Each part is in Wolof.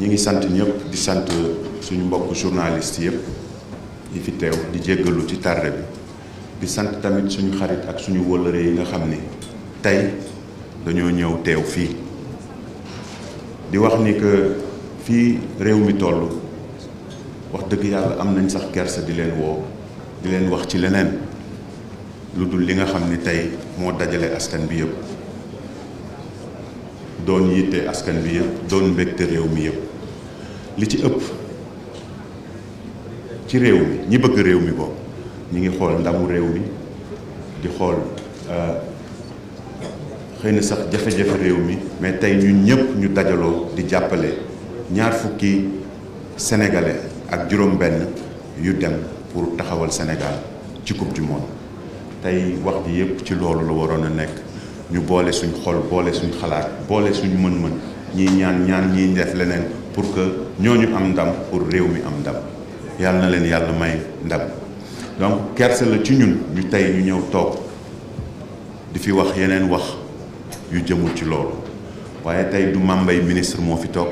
ñi ngi sant ñëpp di sant suñu mbokk journaliste yëpp yi fi teew di jéggalu ci tarde bi di sant tamit suñu xarit ak suñu wëllëre yi nga xam ni tey dañoo ñëw teew fii di wax ni que fii réew mi tollu wax dëgg yàlla am nañ sax kersa di leen woo di leen wax ci leneen lu dul li nga xam ni tey moo dajale askan bi yëpp doon yitte askan bi yëpp doon mbégte réew mi yëpp li ci ëpp ci réew mi ñi bëgg réew mi boobu ñi ngi xool ndamu réew mi di xool euh, xëy na sax jafe-jafe réew mi mais tey ñun ñëpp ñu dajaloo di jàppale ñaar fukki sénégalais ak juróom-benn yu dem pour taxawal senegal ci coupe du monde tey wax ji yëpp ci loolu la waroon a nekk ñu boole suñ xol boole suñ xalaat boole suñ mën-mën ñii ñaan ñaan ñi def leneen. pour que ñooñu am ndam pour réew mi am ndam yàlla na leen yàlla may ndam donc kerse la ci ñun ñu tey ñu ñëw toog di fi wax yeneen wax yu jëmul ci loolu waaye tey du mambay ministre moo fi toog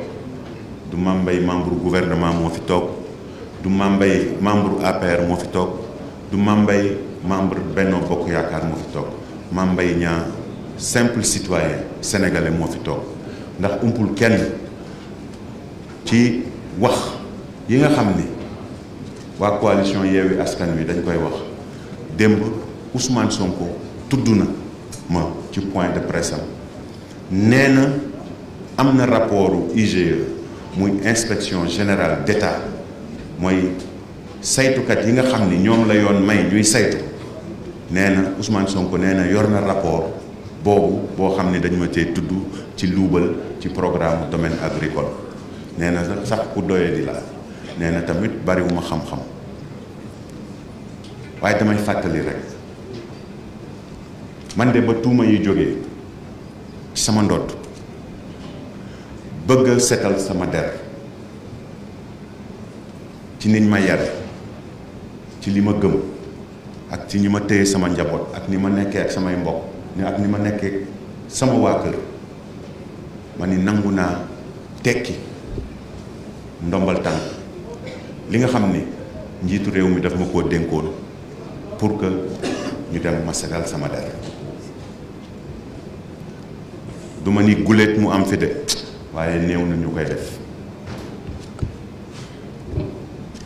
du mambay membre gouvernement moo fi toog du mambay membre APR moo fi toog du mambay membre Benno Bokk Yaakaar moo fi toog mambay ñaar simple citoyen sénégalais moo fi toog ndax umpul kenn ci wax yi nga xam ni waa coalition Yewwi Askan Wi dañ koy wax démb Ousmane Sonko tudd na ma ci point de presse am nee na am na rapportu IGE muy inspection général d'État mooy saytukat yi nga xam ni ñoom la yoon may ñuy saytu nee na Ousmane Sonko nee na yor na rapport boobu boo xam ne dañu ma cee tudd ci luubal ci programme domaine agricole Nenek sax ku doye di la nenek na tamit bariwuma xam-xam waye damay fatali rek man de ba tuuma yi joge ci sama ndot bëgg setal sama der ci niñ ma yar ci lima ma gëm ak ci ñima ma sama njabot ak ni ma ak sama mbokk ni ak ni ma sama wa kër ma ni ndombal tànk li nga xam ne njiitu réew mi daf ma koo dénkoon pour que ñu dem ma setal sama der du ma ni guléet mu am fi de waaye néew na ñu koy def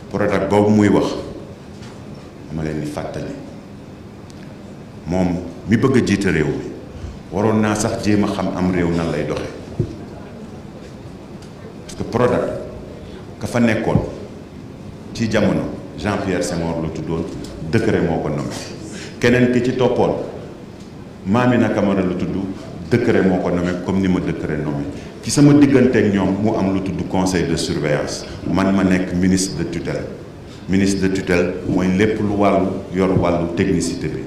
Prodac boobu muy wax dama leen fàttali moom mi bëgg a jiite réew waroon naa sax jéem a xam am réew nan lay doxe parce que fa nekkoon ci jamono Jean Pierre Senghor la tuddoon décret moo ko nommé keneen ki ci toppoon Mamina Camara la tudd décret moo ko nommé comme ni ma décret nommé ci sama digganteeg ñoom mu am lu tudd conseil de surveillance man ma nekk ministre de tutelle ministre de tutelle mooy lépp lu wàllu yor wàllu technicité bi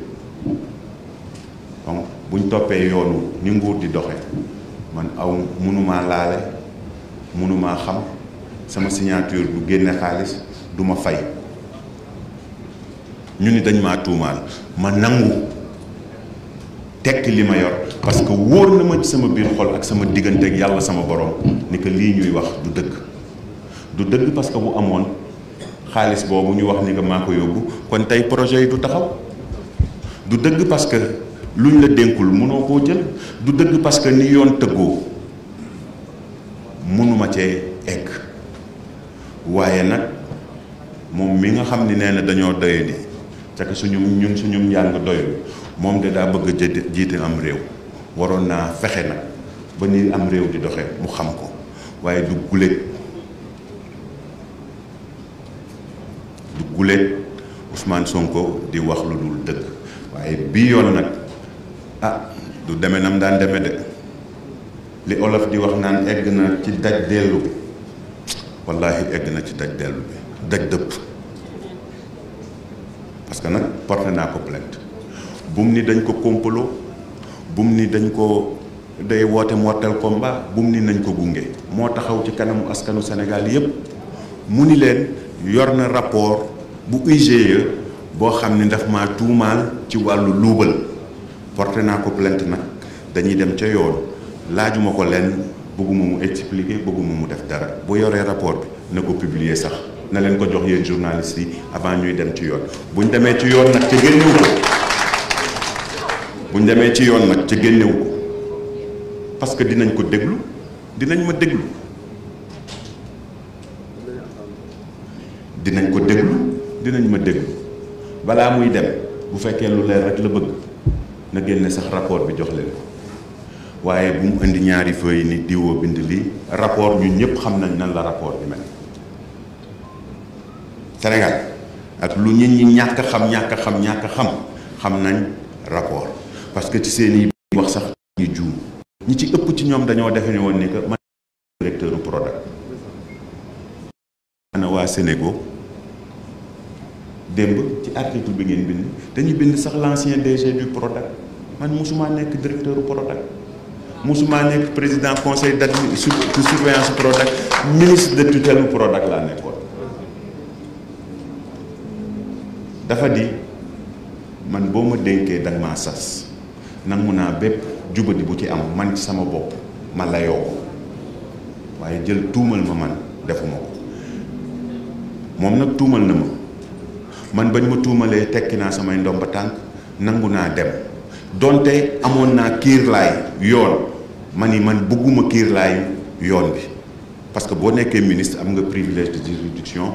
donc buñ toppee yoonu ni nguur di doxe man aw mënumaa laale mënumaa xam sama signature du génne xaalis du ma fay ñu ni dañ ma tuumal ma nangu tek li ma yor parce que wóor na ma ci sama biir xol ak sama digënté ak yalla sama borom ni que li ñuy wax du dëgg du dëgg parce que bu amone xaalis bobu ñu wax ni nga mako ko kon tay projet yi du taxaw du dëgg parce que luñ la denkul mëno ko jël du dëgg parce que ni yoon teggo mënuma ci egg waaye nag moom mi nga xam ni nee na dañoo doye di ca que suñu ñun suñu njàng doyul moom de daa bëgg a jiite am réew waroon naa fexe nag ba ni am réew di doxe mu xam ko waaye du guléet du guléet Ousmane Sonko di wax lu dul dëgg waaye bii yoon nag ah du deme nam daan deme de li olof di wax naan egg na ci daj dellu wallaahi egg na ci daj dellu bi daj dëpp parce que nag porte naa ko plainte bum ni dañ ko complot bum ni dañ ko day woote mortel komba bum ni nañ ko gunge moo taxaw ci kanamu askanu Sénégal yépp mu ni leen yor na rapport bu IGE boo xam ne daf ma tuumaal ci wàllu luubal porte naa ko plainte nag dañuy dem ca yoon laajuma ko lenn bëgguma mu expliquer bëgguma mu def dara bu yoree rapport bi na ko publier sax na leen ko jox yéen journalistes yi avant ñuy dem ci yoon bu buñ demee ci yoon nag ca génnewu demee ci yoon nag ca génnewu ko parce que dinañ ko déglu dinañ ma déglu dinañ ko déglu dinañ ma déglu balaa muy dem bu fekkee lu leer rek la bëgg na génne sax rapport bi jox leen ko waye bu mu indi ñaari feuy ni diwoo bind li rapport ñun ñëpp xam nañ nan la rapport bi mel Sénégal ak lu ñin ñi ñak xam ñak xam ñak xam xam nañ rapport parce que ci seen wax sax ñu joom ñi ci ëpp ci ñom dañoo defe ne ni que man directeur product ana wa Sénégal demb ci article bi ngeen bind dañu bind sax l'ancien DG du product man musuma nek directeur product musuma nekk président conseil d' de surveillance Prodac ministre de tutelle Prodac laa nekkoon dafa di man boo ma dénkee da ma sas nangu naa bépp jubadi bu ci am man sama bopp ma layoo ko waaye jël tuumal ma man defuma ko moom nag tuumal na ma man bañ ma tuumalee tekki naa samay ndomba tànk nangu naa dem donte amoon naa kiir laay yoon Mani ne man pas parce que bo ministre am nga privilège de juridiction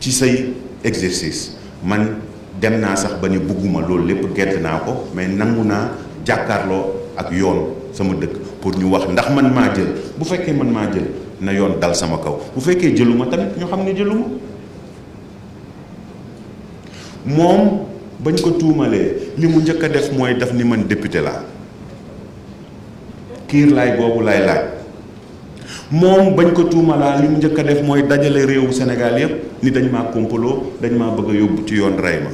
ci say exercice man dem na sax bani que mais nangu jakarlo ak yoon sama pour ñu wax ndax man ma jël bu man ma jël na yoon dal sama kaw bu jëluma tamit ne jëluma pas bañ ko limu def ni man député kiir laay boobu laay laaj moom bañ ko tuumalaa li mu njëkk a def mooy dajale réewu Sénégal yépp ni dañ maa kompaloo dañ maa bëgg a yóbbu ci yoon rey ma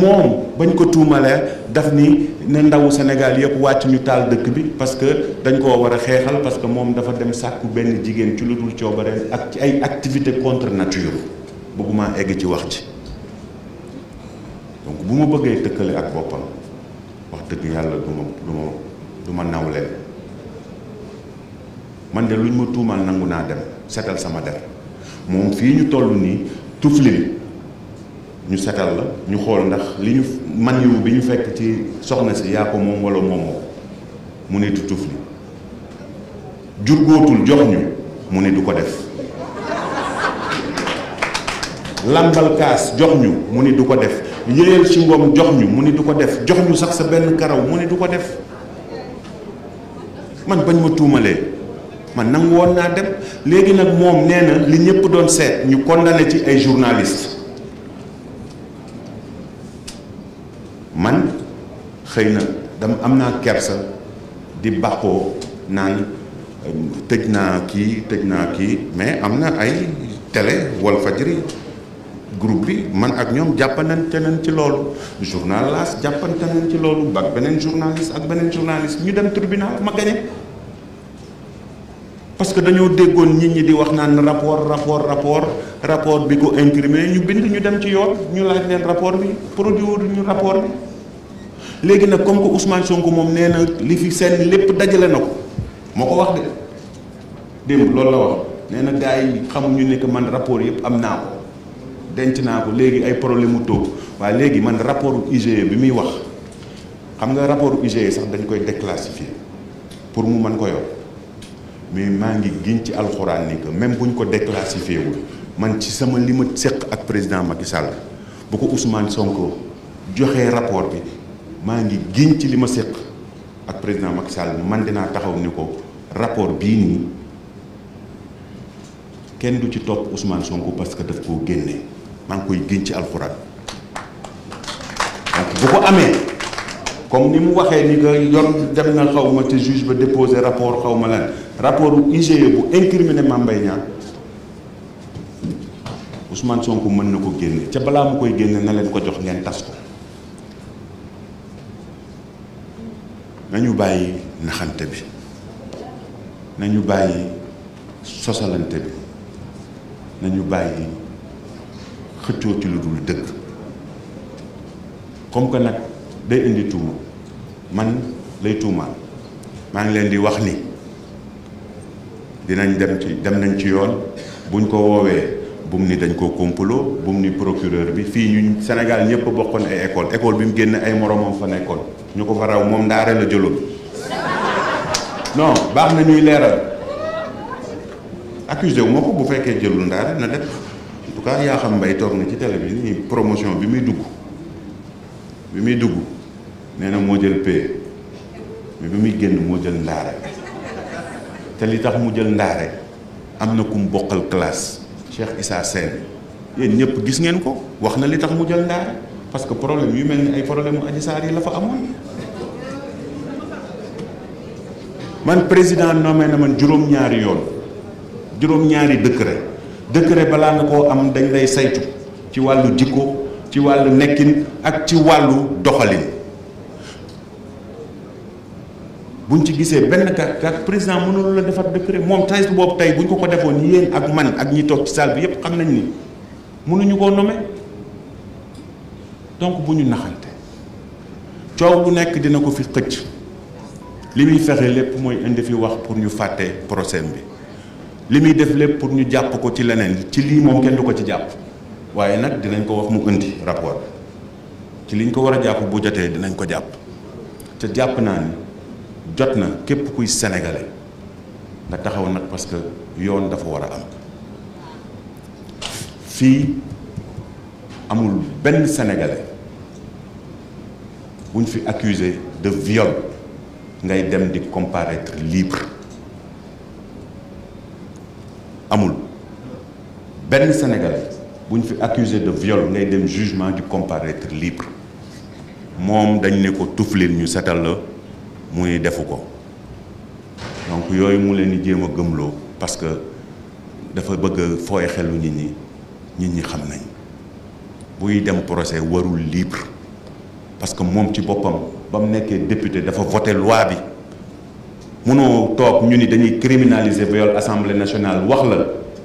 moom bañ ko tuumalee daf ni ne ndawu Sénégal yëpp wàcc ñu taal dëkk bi parce que dañ koo war a xeexal parce que moom dafa dem sàkku benn jigéen ci lu dul coobareen ak ci ay activité contre nature bëgguma egg ci wax ci donc bu ma bëggee tëkkalee ak boppam wax dëgg yàlla du ma du ma nawle man de luñ ma tuumal nangu naa dem setal sama der moom fii ñu toll nii tuflin ñu setal la ñu xool ndax li ñu man yiw bi ñu fekk ci soxna si yaa ko moom wala moomoo mu ne du tufli jur jox ñu mu ne du ko def lambal kaas jox ñu mu ne du ko def yéyal ci ngoom jox ñu mu ni du ko def jox ñu sax sa benn karaw mu ne du ko def man bañ ma tuumalee man nangu woon naa dem léegi nag moom nee na li ñëpp doon seet ñu condamné ci ay journaliste man xëy na dama am naa kersa di bàqoo naan tëj naa kii tëj naa kii mais am na ay télé Walfadjri groupe bi man ak ñom jappanante nañ ci loolu journal laas jàppante nañ ci loolu ak benen journaliste ak benen journaliste ñu dem tribunal ma gagné parce que dañoo déggone nit ñi di wax naan rapport rapport rapport rapport bi ko incrimé ñu bind ñu dem ci yoon ñu laaj leen rapport bi produire ñu rapport bi légui nak comme ko Ousmane Sonko mom néna li fi sen lepp dajalé nako moko wax de dem loolu la wax néna gaay xamu ñu nek man rapport yépp am ko denc naa ko léegi ay problème mu toog waaye léegi man rapport IGE bi muy wax xam nga rapport IGE sax dañ koy déclassifier pour mu mën ko yor mais maa ngi giñ ci alxuraan ni que même bu ñu ko déclassifié wul man ci sama li seq ak président Macky Sall bu ko Ousmane Sonko joxe rapport bi maa ngi giñ ci li ma seq ak président Macky Sall man dinaa taxaw ni ko rapport bii nii kenn du ci topp Ousmane Sonko parce que daf koo génne maa ngi koy giñ ci alxuraan donc bu ko amee comme ni mu waxee ni que yoon dem na xaw ma te juge ba déposé rapport xaw ma lan rapport bu IGE bu incriminé Mame Mbaye Niang Ousmane Sonko mën na ko génne ca balaa mu koy génne na leen ko jox ngeen tas ko nañu bàyyi naxante bi nañu bàyyi sosalante bi nañu bàyyi. xëccoo ci lu dul dëgg comme que nag day indi tuuma man lay tuumaal maa ngi leen di wax ni dinañ dem ci dem nañ ci yoon buñ ko woowee bum ni dañ koo complot bum ni procureur bi fii ñu senegal ñëpp bokkoon ay école école bi mu génn ay moromam fa nekkoon ñu ko fa raw moom ndaare la jëloon non baax na ñuy leeral accusé wu ko bu fekkee jëlul ndaare na def tout cas yaa xam mbay toog na ci télé bi nii promotion bi muy dugg bi muy dugg nee na moo jël paie mais bi muy génn moo jël ndaare te li tax mu jël ndaare am na ku mu bokkal classe Cheikh Issa Sène yéen ñëpp gis ngeen ko wax na li tax mu jël ndaare parce que problème yu mel ni ay problème mu Adji Sarr yi la fa amoon man président nommé na man juróom-ñaari yoon juróom-ñaari décret décret balaa nga koo am dañ lay saytu ci wàllu jikko ci wàllu nekkin ak ci wàllu doxalin buñ ci gisee benn kat kat président mënul la defar décret moom saytu boobu tey buñ ko ko defoon yéen ak man ak ñi toog ci salle bi yépp xam nañ ni mënuñu koo nommer donc bu ñu naxante coow lu nekk dina ko fi xëcc li muy fexe lépp mooy indi fi wax pour ñu fàtte procès bi li muy def lépp pour ñu jàpp ko ci leneen ci lii moom kenn du ko ci jàpp waaye nag dinañ ko wax mu indi rapport ci liñ ko war a jàpp bu jotee dinañ ko jàpp te jàpp naa ni jot na képp kuy sénégalais nga taxaw nag parce que yoon dafa war a am fii amul benn sénégalais buñ fi accusé de viol ngay dem di comparaître libre Ben Sénégalais bu ñu fi accusé de viol ngay dem jugement du comparaître libre moom dañ ne ko tuflin ñu setal la muy defu ko donc a eu leen di jéem a parce que dafa bëgg fooy xelu nit ñi nit ñi xam nañ buy dem procès warul libre parce que moom ci boppam Bam Néké nekkee député dafa voter loi bi munoo toog ñu ni dañuy criminaliser viol assemblée nationale wax la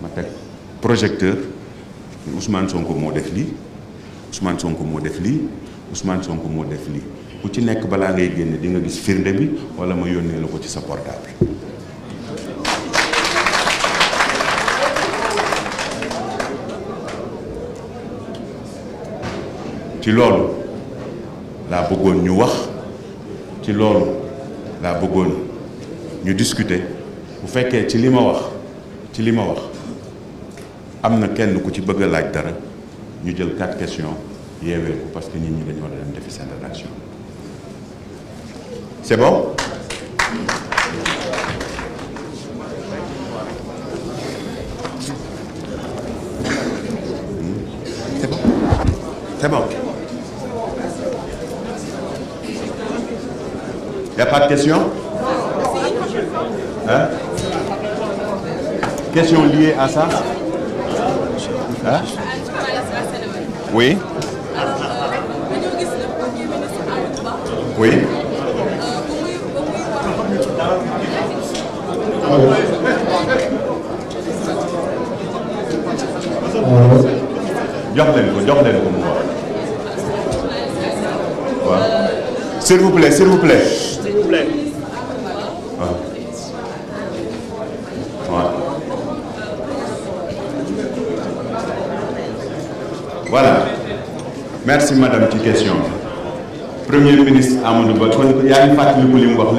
ma teg projecteur Ousmane Sonko moo def lii Ousmane Sonko moo def lii Ousmane Sonko moo def lii ku ci nekk balaa ngay génn di nga gis firnde bi wala ma yónnee la ko ci sa portable. ci loolu laa bëggoon ñu wax ci loolu laa bëggoon ñu discuter bu fekkee ci li ma wax ci li ma wax. amna kenn ku ci bëgg a laaj dara ñu jël quatre questions yéwé ko parce que ñi ñi dañu war a dem defi seen rédaction c'est bon c'est bon c'est bon y a pas de question hein question liée à ça Hein? Hein? oui. oui. s'il vous plaît s'il vous plaît. voilà merci madame ci question premier ministre Amadou Ba y une ngi fàttaliku li mu wax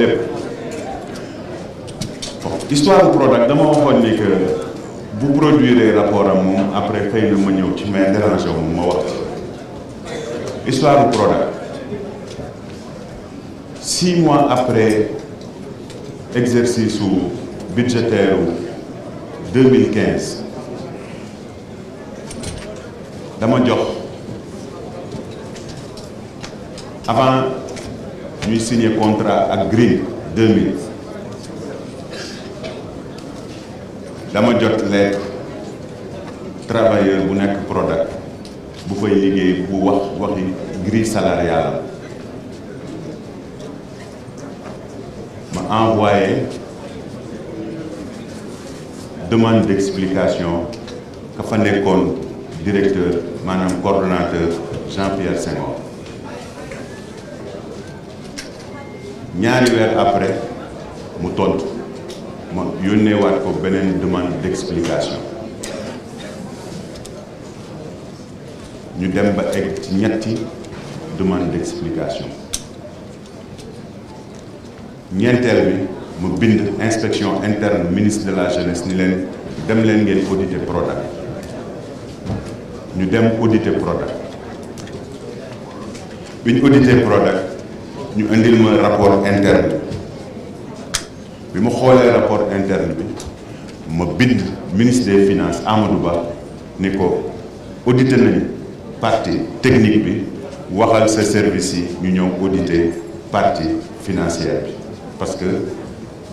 histoire du produit. je vous dis que produirez le rapport à après le fait ma ñëw ci mais ma histoire du Prodac six mois après l'exercice budgétaire 2015 dama jox avant de signer contrat avec Green 2000 dama jot les travailleurs bu nek product bu fay liggéey bu wax waxi grille salariale ma envoyé demande d'explication que fa nekkoon directeur madame coordonnateur Jean-Pierre Senghor Nous arrivons après nous avons une demande d'explication Nous dem ba demande d'explication Nous avons inspection interne ministre de la jeunesse ni nous devons auditer Prodac audite produit, nous un rapport interne bi un rapport interne bi ma le ministre des finances Amadou Ba audité la partie technique service partie financière parce que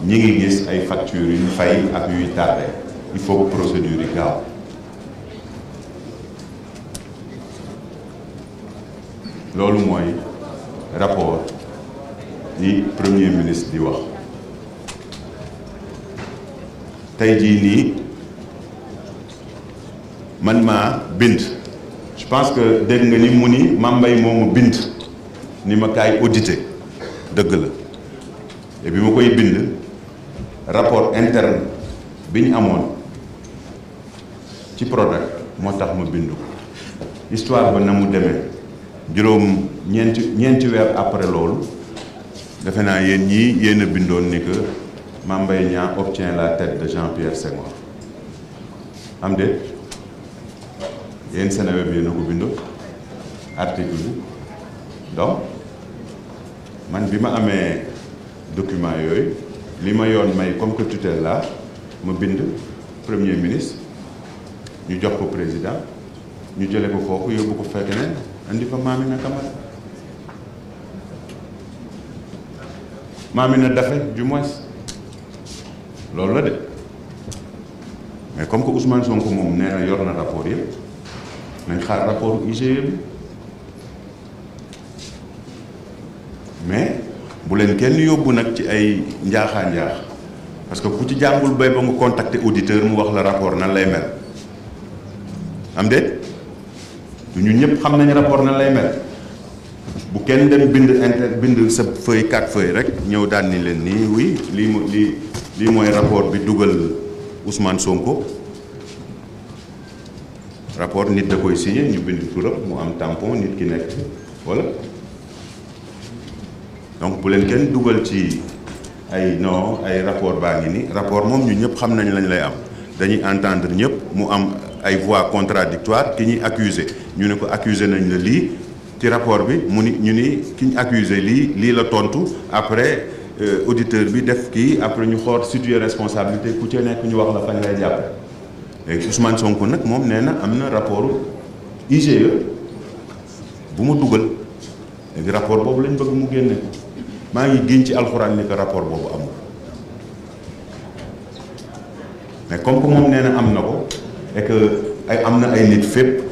nous avons une factures il faut que procédure loolu mooy rapport yi premier ministre di wax tey jii nii man maa bind je pense que dégg nga ni mu ni mambay moomu bind ni ma kaay audité dëgg la te bi koy bind rapport interne bi ñu ci Prodac moo ma histoire ba na juróom ñeenti ñeenti weer après loolu defe naa yéen ñii yéen a bindoon ni que Mame Mbaye Niang obtient la tête de Jean-Pierre Senghor am déet yéen Seneweb yéen a bindoo article donc man bi ma amee document yooyu li ma yoon may comme que tutelle la ma bind premier ministre ñu jox ko président ñu jële ko foofu yóbbu ko fekk ne andi fa Mamina Camara Mamina Daffé du moins loolu la de mais comme que Ousmane Sonko moom nee na yor na rapport yëpp nañ xaar rapport IGE bi mais bu leen kenn yóbbu nag ci ay njaaxaa njaax parce que ku ci jàngul bay ba nga contacter auditeur mu wax la rapport nan lay mel am ñun ñëpp xam nañu rapport na lay mel bu kenn dem bind inter bind sa feuille quatre feuille rek ñëw daan ni leen nii oui lii mo lii lii mooy rapport bi dugal Ousmane Sonko rapport nit da koy signé ñu bind turam mu am tampon nit ki nekk wala donc bu leen kenn dugal ci ay non ay rapport baa ngi nii rapport moom ñu ñëpp xam nañ lañu lay am dañuy entendre ñëpp mu am ay voix contradictoires ki ñi accusé ñu ne ko accusé nañ le li ci rapport bi mu ni ñu ni ki ñu accusé li li la tontu après euh, auditeur bi def ki après ñu xor situer responsabilité ku ci nekk ñu wax la fañ lay japp léegi Ousmane Sonko nak mom nee am na rapport IGE bu mu duggal et rapport bobu lañ bëgg mu génne ma ngi gën ci alcorane ni que rapport bobu amul mais comme que moom nee na am na ko. et ay am na ay nit fépp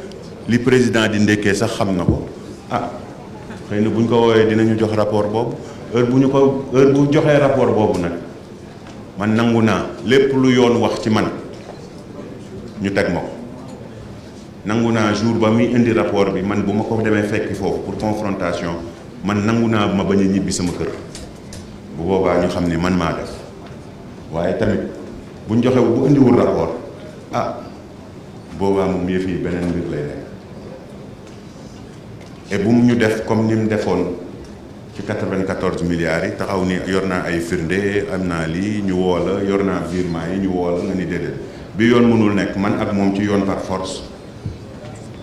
li président di ndekkee sax xam na ko ah xëy na bu ñu ko woowee dinañu jox rapport boobu heure bu ñu ko heure bu joxee rapport boobu nag man nangu naa lépp lu yoon wax ci man ñu teg ma ko nangu naa jour ba muy indi rapport bi man bu ma ko demee fekki foofu pour confrontation man nangu naa ma bañ a ñibbi sama kër bu boobaa ñu xam ni man maa def waaye tamit buñ joxe bu indiwul rapport ah boobaa moom yëf yi beneen mbir lay nekk et mu ñu def comme ni mu defoon ci 94 milliards yi taxaw ni yor naa ay firnde am naa lii ñu woo yor naa virement yi ñu woo la nga ni déedéet bi yoon mënul nekk man ak moom ci yoon par force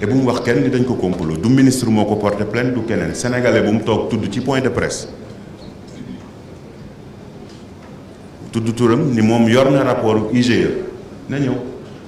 et bu mu wax kenn ni dañ ko complot du ministre moo ko porté plainte du keneen sénégalais bu mu toog tudd ci point de presse tudd turam ni moom yor na rapport IGE na ñëw.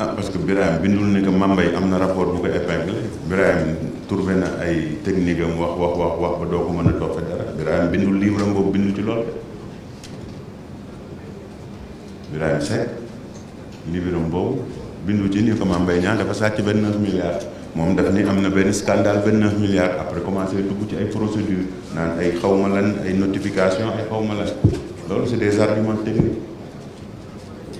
ah parce que Birahim bindul ne que Mambay am na rapport bu ko épinglé Birahim trouvé na ay technique am wax wax wax wax ba doo ko mën a toppee dara Birahim bindul livre am boobu bindul ci loolu de Birahim Seck livre am boobu bindul ci ni ko Mambay ñaan dafa sàcc benn 9 milliards moom daf ni am na benn scandale 29 milliards après commencé dugg ci ay procédure naan ay xawma lan ay notification ay xawma lan loolu c'est des arguments techniques